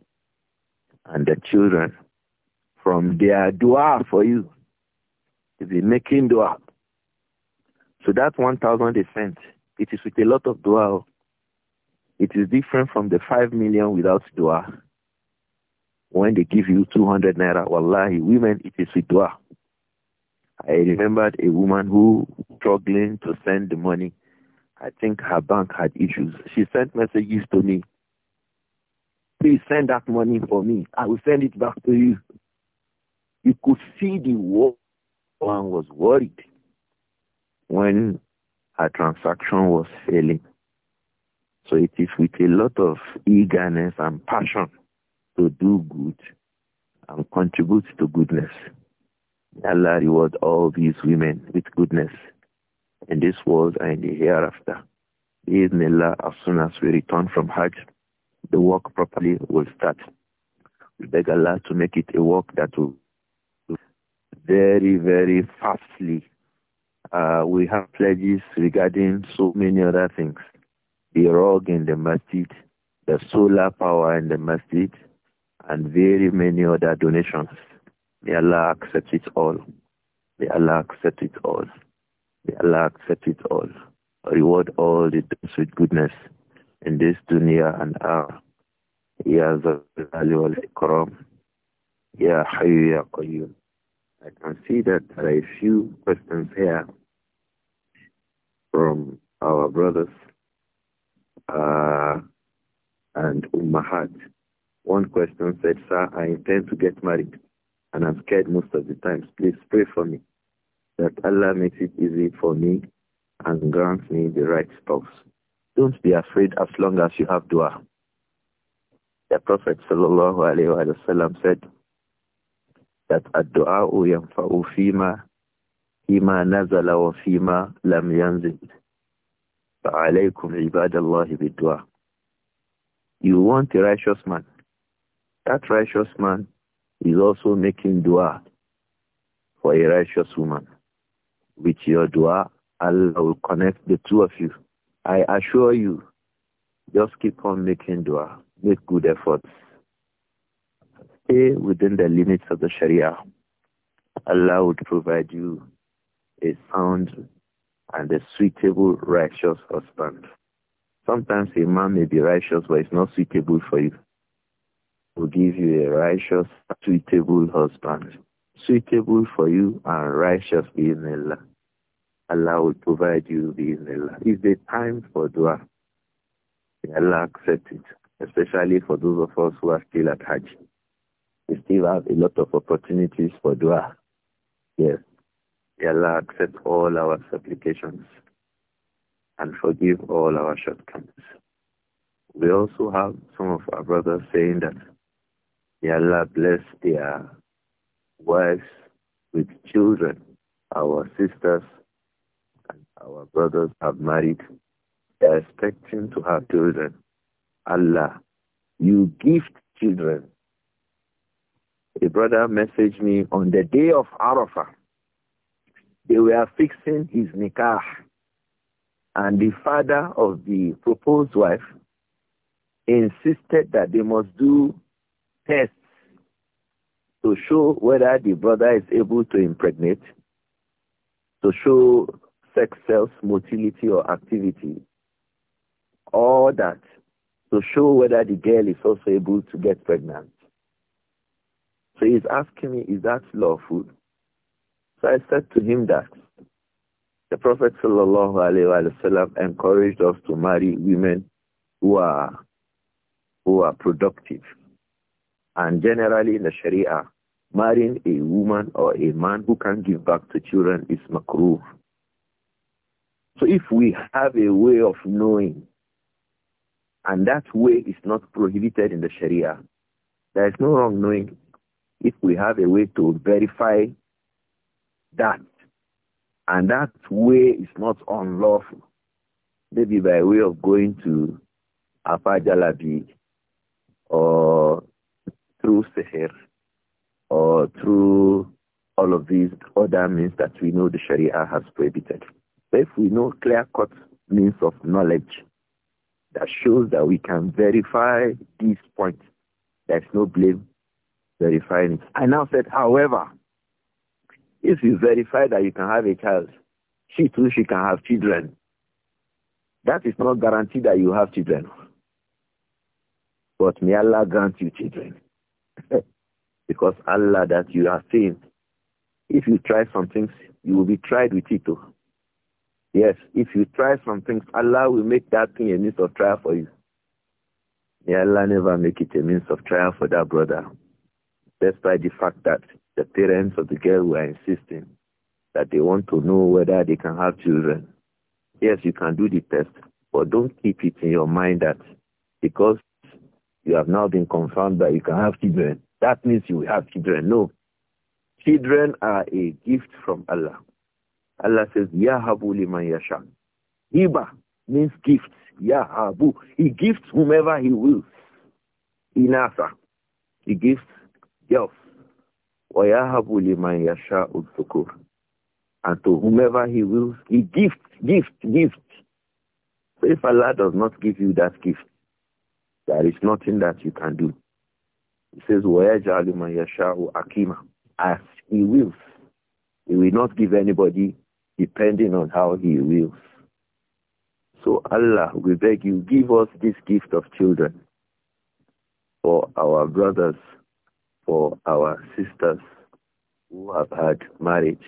and the children, from their dua for you. They've making dua. So that 1,000 they sent, it is with a lot of dua. It is different from the 5 million without dua. When they give you 200 naira, wallahi, women, it is with dua. I remembered a woman who struggling to send the money I think her bank had issues. She sent messages to me. Please send that money for me. I will send it back to you. You could see the woman was worried when her transaction was failing. So it is with a lot of eagerness and passion to do good and contribute to goodness. Allah reward all these women with goodness in this world and the hereafter. Allah, as soon as we return from Hajj, the work properly will start. We beg Allah to make it a work that will very, very fastly. Uh, we have pledges regarding so many other things. The rug in the masjid, the solar power in the masjid, and very many other donations. May Allah accept it all. May Allah accept it all. May Allah accept it all. Reward all the deeds with goodness in this dunya and hour. Ya Zalali wal Ikram. Ya Hayyu Ya Qayyum. I can see that there are a few questions here from our brothers uh, and Ummahat. One question said, sir, I intend to get married and I'm scared most of the times. Please pray for me that Allah makes it easy for me and grants me the right spouse. Don't be afraid as long as you have dua. The Prophet sallallahu alaihi wasallam said that a dua yanfa'u fima ima nazala wa fima lam yanzil. فَعَلَيْكُمْ عِبَادَ اللَّهِ You want a righteous man. That righteous man is also making dua for a righteous woman with your dua, Allah will connect the two of you. I assure you, just keep on making dua. Make good efforts. Stay within the limits of the Sharia. Allah would provide you a sound and a suitable righteous husband. Sometimes a man may be righteous, but it's not suitable for you. Will give you a righteous, suitable husband, suitable for you and righteous being Allah. Allah will provide you the Allah. the time for dua. Allah accept it, especially for those of us who are still at Hajj. We still have a lot of opportunities for dua. Yes. Allah accept all our supplications and forgive all our shortcomings. We also have some of our brothers saying that Allah bless their wives with children, our sisters our brothers have married, they are expecting to have children. Allah, you gift children. A brother messaged me on the day of Arafah. They were fixing his nikah. And the father of the proposed wife insisted that they must do tests to show whether the brother is able to impregnate, to show sex cells motility or activity. All that to show whether the girl is also able to get pregnant. So he's asking me, is that lawful? So I said to him that the Prophet wasallam encouraged us to marry women who are, who are productive. And generally in the Sharia, marrying a woman or a man who can give back to children is makruh. So if we have a way of knowing, and that way is not prohibited in the Sharia, there is no wrong knowing if we have a way to verify that, and that way is not unlawful, maybe by way of going to Afajalabi or through Seher or through all of these other means that we know the Sharia has prohibited if we know clear-cut means of knowledge that shows that we can verify these points, there's no blame verifying it. I now said, however, if you verify that you can have a child, she too, she can have children. That is not guaranteed that you have children. But may Allah grant you children. because Allah that you are saying, if you try some things, you will be tried with it too. Yes, if you try some things, Allah will make that thing a means of trial for you. May Allah never make it a means of trial for that brother. Despite the fact that the parents of the girl were insisting that they want to know whether they can have children. Yes, you can do the test, but don't keep it in your mind that because you have now been confirmed that you can have children, that means you will have children. No. Children are a gift from Allah. Allah says, Yahabu liman yashan. Hiba means gift. Yahabu. He gifts whomever he wills. Inasa. He gives gifts. Wa yahabu liman yasha'u dhukur. And to whomever he wills, he gives, gift, gift. So if Allah does not give you that gift, there is nothing that you can do. He says, wa yaj'alu man yasha'u akima. As he wills. He will not give anybody depending on how he wills. So Allah, we beg you, give us this gift of children for our brothers, for our sisters who have had marriage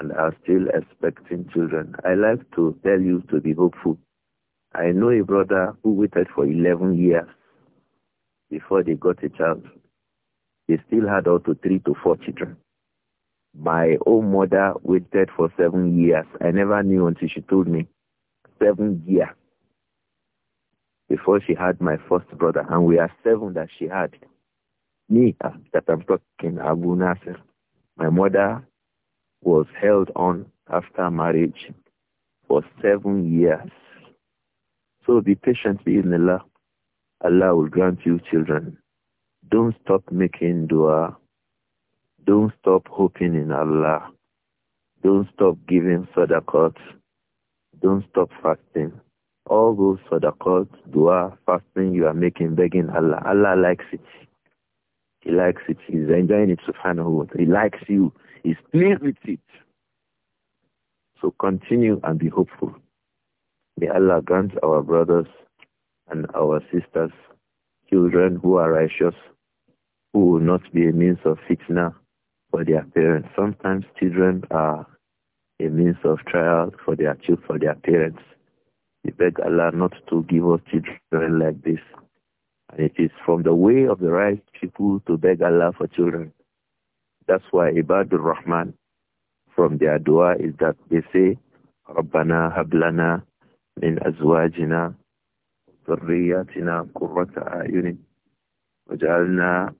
and are still expecting children. I like to tell you to be hopeful. I know a brother who waited for 11 years before they got a child. They still had up to three to four children. My own mother waited for seven years. I never knew until she told me. Seven years before she had my first brother, and we are seven that she had. Me, ah, that I'm talking, Abu Nasser. My mother was held on after marriage for seven years. So be patient, Allah. Allah will grant you children. Don't stop making dua don't stop hoping in Allah. Don't stop giving sadaqat. Don't stop fasting. All those sadaqat, dua, fasting you are making, begging Allah. Allah likes it. He likes it. He's enjoying it, subhanahu wa ta'ala. He likes you. He's pleased with it. So continue and be hopeful. May Allah grant our brothers and our sisters, children who are righteous, who will not be a means of fitna for their parents. Sometimes children are a means of trial for their children, for their parents. We beg Allah not to give us children like this. And it is from the way of the right people to beg Allah for children. That's why Ibadur Rahman from their dua is that they say, "Rabbana hablana min azwajina أزواجنا ذرياتنا قرة wajalna وجعلنا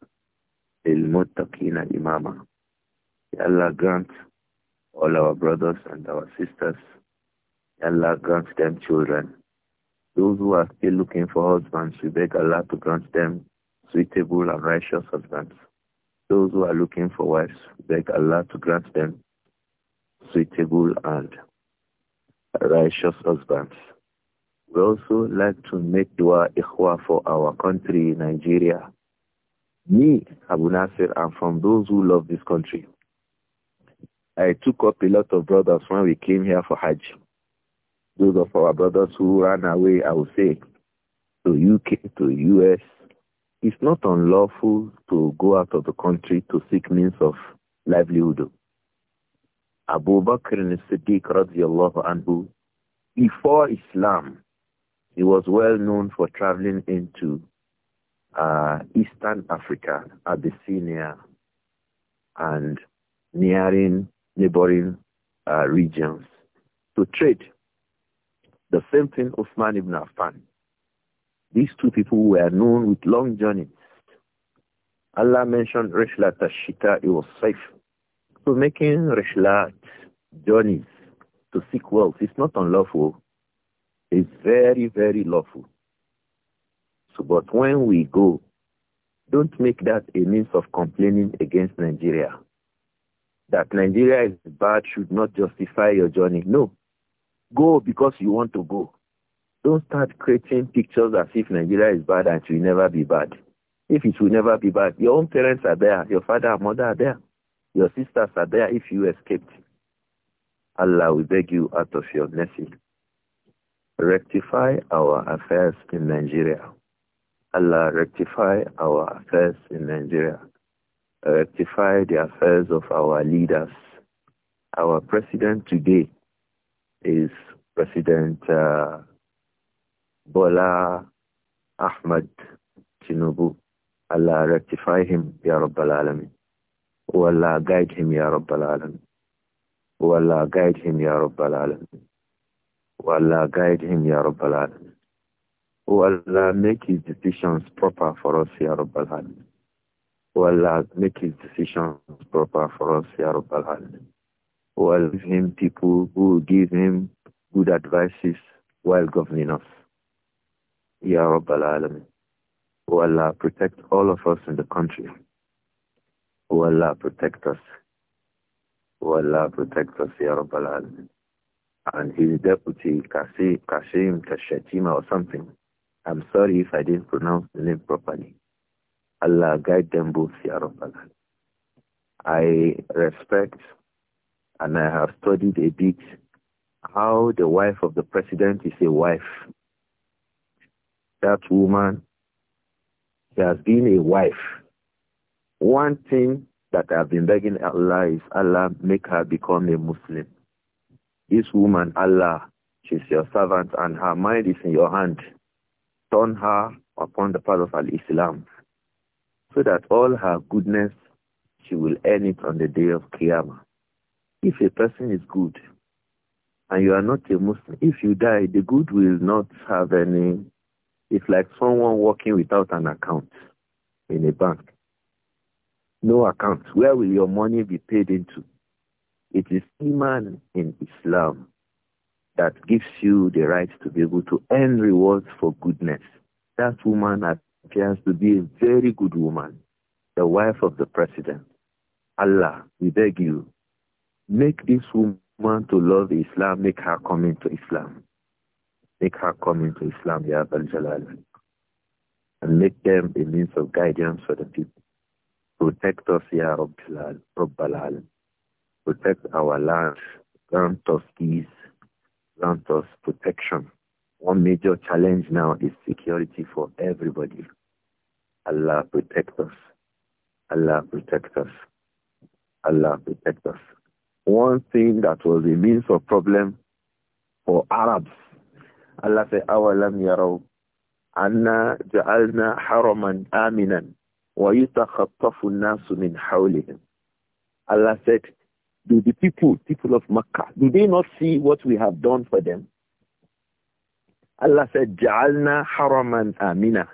للمتقين إماما Allah grant all our brothers and our sisters. Allah grant them children. Those who are still looking for husbands, we beg Allah to grant them suitable and righteous husbands. Those who are looking for wives, we beg Allah to grant them suitable and righteous husbands. We also like to make dua ikhwa for our country, Nigeria. Me, Abu Nasir, am from those who love this country. I took up a lot of brothers when we came here for Hajj. Those of our brothers who ran away, I would say, to UK, to US. It's not unlawful to go out of the country to seek means of livelihood. Abu Bakr al-Siddiq radiallahu anhu, before Islam, he was well known for traveling into uh, Eastern Africa, Abyssinia, and nearing neighboring uh, regions to trade. The same thing Osman ibn Affan. These two people were known with long journeys. Allah mentioned Rishlat Ashita, it was safe. So making Rishlat journeys to seek wealth is not unlawful. It's very, very lawful. So, but when we go, don't make that a means of complaining against Nigeria that Nigeria is bad should not justify your journey. No. Go because you want to go. Don't start creating pictures as if Nigeria is bad and it will never be bad. If it will never be bad, your own parents are there, your father and mother are there, your sisters are there if you escaped. Allah, we beg you out of your mercy. Rectify our affairs in Nigeria. Allah, rectify our affairs in Nigeria rectify the affairs of our leaders. Our president today is President uh, Bola Ahmed Tinubu. Allah rectify him, Ya Rabbal Alameen. Oh, Allah, guide him, Ya Rabbal Alameen. Oh, Allah, guide him, Ya Rabbal Alameen. Oh, Allah, guide him, Ya Rabbal Alameen. Allah, make his decisions proper for us, Ya Rabbal Alameen. O Allah, uh, make his decisions proper for us, Ya Rabbal Alamin. O Allah, give him people who will give him good advices while governing us. Ya Rabbal Alamin. O Allah, uh, protect all of us in the country. O Allah, uh, protect us. O Allah, protect us, Ya Rabbal Alamin. And his deputy, Kasim Kashim Tashatima or something. I'm sorry if I didn't pronounce the name properly. Allah guide them both, Ya Rabbal I respect and I have studied a bit how the wife of the president is a wife. That woman, she has been a wife. One thing that I've been begging Allah is Allah make her become a Muslim. This woman, Allah, she's your servant and her mind is in your hand. Turn her upon the path of Al-Islam so that all her goodness, she will earn it on the day of Qiyamah. If a person is good and you are not a Muslim, if you die, the good will not have any. It's like someone working without an account in a bank. No account. Where will your money be paid into? It is Iman in Islam that gives you the right to be able to earn rewards for goodness. That woman had appears to be a very good woman, the wife of the president. Allah, we beg you, make this woman to love Islam, make her come into Islam. Make her come into Islam, Ya Abul Jalal. And make them a means of guidance for the people. Protect us, Ya Rabbal Rabbal Protect our land. Grant us peace. Grant us protection. One major challenge now is security for everybody. Allah protect us. Allah protect us. Allah protect us. One thing that was a means of problem for Arabs, Allah said, أَوَلَمْ يَرَوْا أَنَّا جَعَلْنَا حَرَمًا آمِنًا وَيُتَخَطَّفُ النَّاسُ مِنْ حَوْلِهِمْ Allah said, do the people, people of Makkah, do they not see what we have done for them? Allah said, جَعَلْنَا حَرَمًا آمِنًا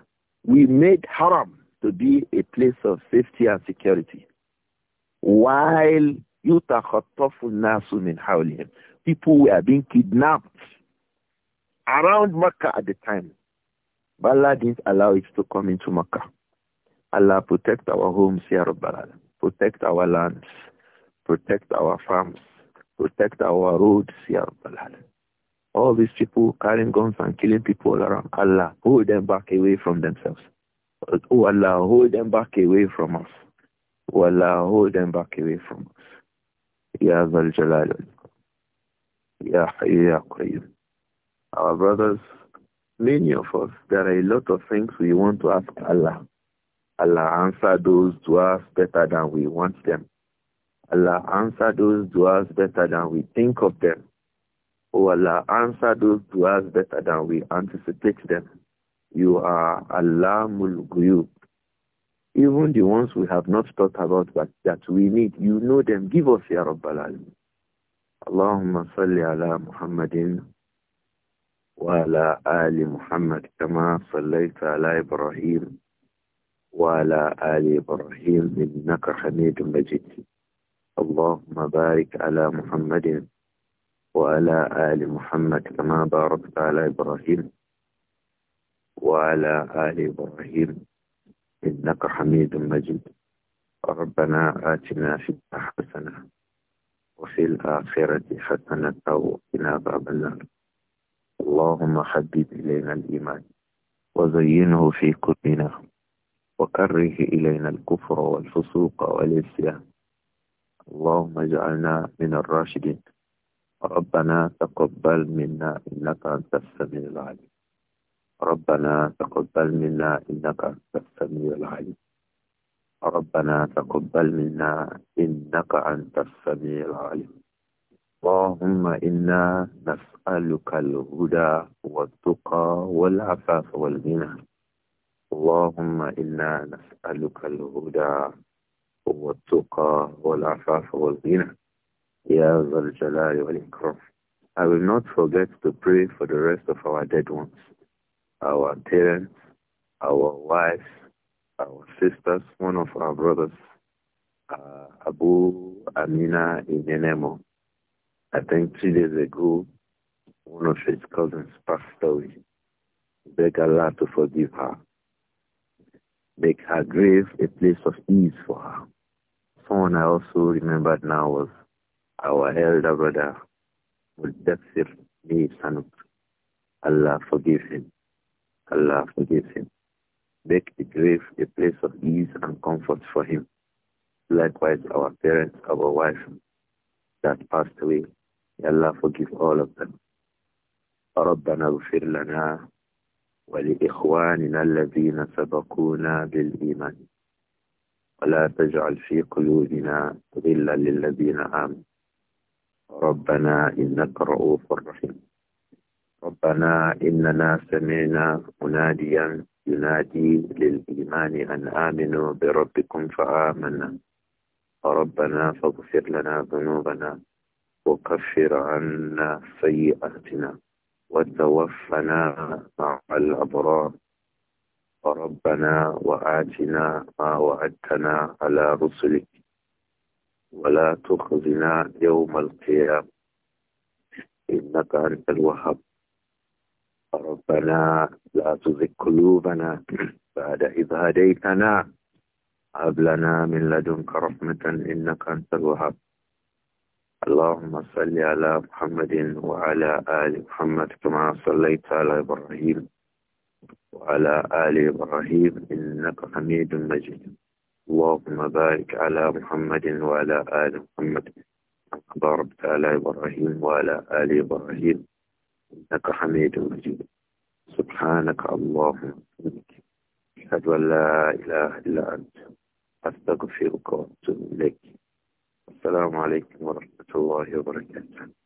we made haram to be a place of safety and security. While yutakhatafu nasu in hawlihim. People were being kidnapped around Makkah at the time. But Allah didn't allow it to come into Makkah. Allah protect our homes, Ya Rabbal Protect our lands. Protect our farms. Protect our roads, Ya Rabbal all these people carrying guns and killing people around. Allah, hold them back away from themselves. Oh Allah, hold them back away from us. Oh Allah, hold them back away from us. Ya Zal Jalal. Ya Ya Qayyum. Our brothers, many of us, there are a lot of things we want to ask Allah. Allah answer those du'as better than we want them. Allah answer those du'as better than we think of them. O oh Allah, answer those du'as better than we anticipate them. You are Allah Mulguyub. Even the ones we have not thought about but that we need, you know them. Give us, Ya Rabbal Alam. Allahumma salli ala Muhammadin wa ali Muhammad kama كما صليت Ibrahim, wa وعلى ali Ibrahim إنك حميد مجيد Allahumma barik ala Muhammadin. وعلى آل محمد كما باركت على إبراهيم وعلى آل إبراهيم إنك حميد مجيد ربنا آتنا في حسنة وفي الآخرة حسنة وقنا باب النار اللهم حبب إلينا الإيمان وزينه في قلوبنا وكره إلينا الكفر والفسوق والعصيان اللهم اجعلنا من الراشدين ربنا تقبل منا إنك أنت السميع العليم ربنا تقبل منا إنك أنت السميع العليم ربنا تقبل منا إنك أنت السميع العليم اللهم إنا نسألك الهدى والتقى والعفاف والغنى اللهم إنا نسألك الهدى والتقى والعفاف والغنى Ya I will not forget to pray for the rest of our dead ones, our parents, our wives, our sisters, one of our brothers, uh, Abu Amina Inenemo. I think three days ago, one of his cousins passed away. Beg Allah to forgive her. Make her grave a place of ease for her. Someone I also remembered now was our elder brother, Mudassir B. Sanuk. Allah forgive him. Allah forgive him. Make the grave a place of ease and comfort for him. Likewise, our parents, our wife that passed away, Allah forgive all of them. ربنا اغفر لنا ولإخواننا الذين سبقونا بالإيمان ولا تجعل في قلوبنا غلا للذين آمنوا ربنا إنك رؤوف رحيم ربنا إننا سمعنا مناديا ينادي للإيمان أن آمنوا بربكم فآمنا ربنا فاغفر لنا ذنوبنا وكفر عنا سيئاتنا وتوفنا مع الأبرار ربنا وآتنا ما وعدتنا على رسلك ولا تخزنا يوم القيامة إنك أنت الوهاب ربنا لا تزغ قلوبنا بعد إذ هديتنا هب لنا من لدنك رحمة إنك أنت الوهاب اللهم صل على محمد وعلى آل محمد كما صليت على إبراهيم وعلى آل إبراهيم إنك حميد مجيد اللهم بارك على محمد وعلى آل محمد باركت على إبراهيم وعلى آل إبراهيم إنك حميد مجيد سبحانك اللهم وبحمدك أشهد أن لا إله إلا أنت أستغفرك وأتوب إليك السلام عليكم ورحمة الله وبركاته